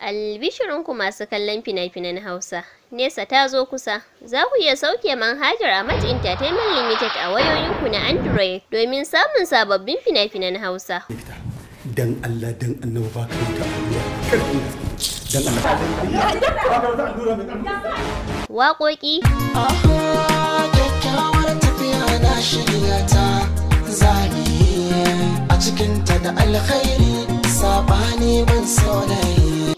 Albishirinku masu kallon fina-finan Hausa, Nesa ta zo kusa, za ku iya sauke manhajar a Amat Entertainment Limited a wayoyinku na Android domin samun sababbin fina-finan Hausa. Dan Allah dan annabi ba ka Dan Allah. Waƙoƙi. tafiya na shirya ta cikinta da alkhairi.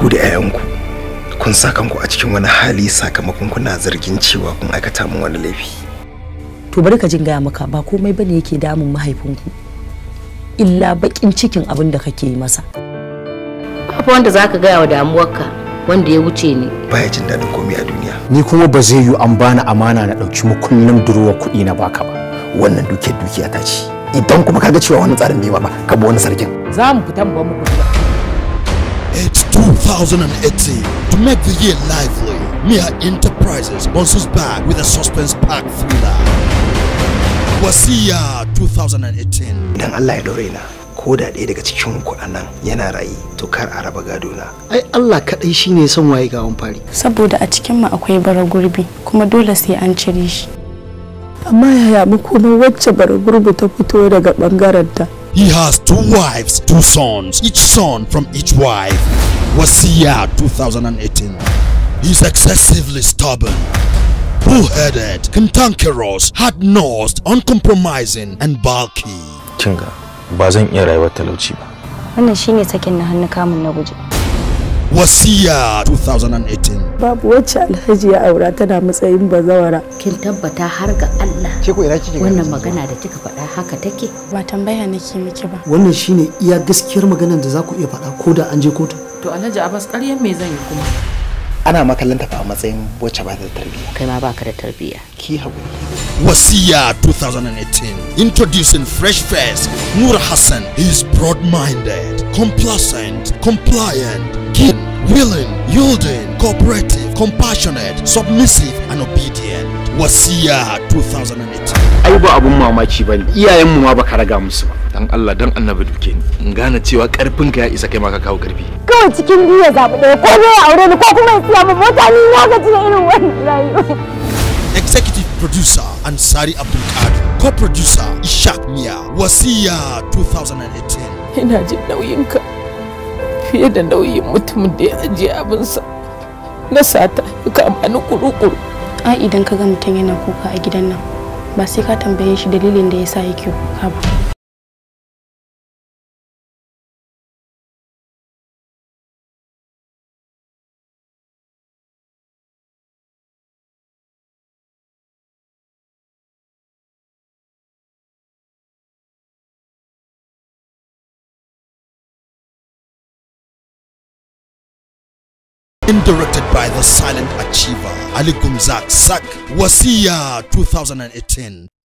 ku da 'ya'yanku kun sa kanku a cikin wani hali sakamakon kuna zargin cewa kun aikata min wani laifi to bari ka jin gaya maka ba komai bane yake damun mahaifinku illa bakin cikin abin da kake yi masa babu wanda zaka gaya wa damuwarka wanda ya wuce ni baya jin daɗin komai a duniya ni kuma ba zai yi an bani amana na ɗauki mukullin durowar kuɗi na baka ba wannan dukiyar dukiya ta ce idan kuma kaga cewa wani tsarin bai ba ka bi wani sarkin za mu fitan ba mu 2018 to make the year lively. Mia Enterprises bounces back with a suspense pack thriller. Wasiya 2018. Dan Allah ya ko daga cikin ku anan yana rayi to kar a raba gado na ai Allah kaɗai shine son waye gawan fari saboda a cikin mu akwai bara gurbi kuma dole sai an cire shi amma yaya kuma wacce bara gurbi ta fito daga bangaren ta he has two wives two sons each son from each wife Wasiya 2018. He's excessively stubborn, bull-headed, cantankerous, hard-nosed, uncompromising, and bulky. Kinga, ba zan iya rayuwar talauci ba. Wannan shine sakin na hannu kamun na guje. Wasiya 2018. Babu wacce Alhaji ya aura tana matsayin bazawara. Kin tabbata har ga Allah. Ke ko ina kike Wannan magana da kika faɗa haka take. Ba tambaya nake miki ba. Wannan shine iya gaskiyar maganar da za ku iya faɗa ko da an je kotu. to alhaji abbas ƙaryan me zan yi kuma ana makallanta fa a matsayin wacce ba ta da tarbiyya kai ma baka da tarbiyya ki haƙuri wasiya 2018 introducing fresh face nur hassan is broad-minded complacent compliant keen willing yielding cooperative compassionate submissive and obedient wasiya 2018 ai ba abun mamaki bane iyayenmu ma baka raga musu ba dan Allah dan annabi duke ni in gane cewa karfin ka ya isa kai ma ka kawo karfi kawai cikin biyu ya zabi ɗaya ko ne ya aure ni ko kuma ya siya mu mota ni na gaji irin wannan rayuwa executive producer ansari abdul kadir co-producer ishaq miya wasiya 2018 ina jin nauyin ka fiye da nauyin mutumin da ya ajiye abinsa na sata ka kama ni kuru a idan ka ga mutum yana kuka a gidan nan ba sai ka tambaye shi dalilin da ya sa yake kuka ba Indirected by the silent achiever Ali Gumzak Sak Wasiya 2018.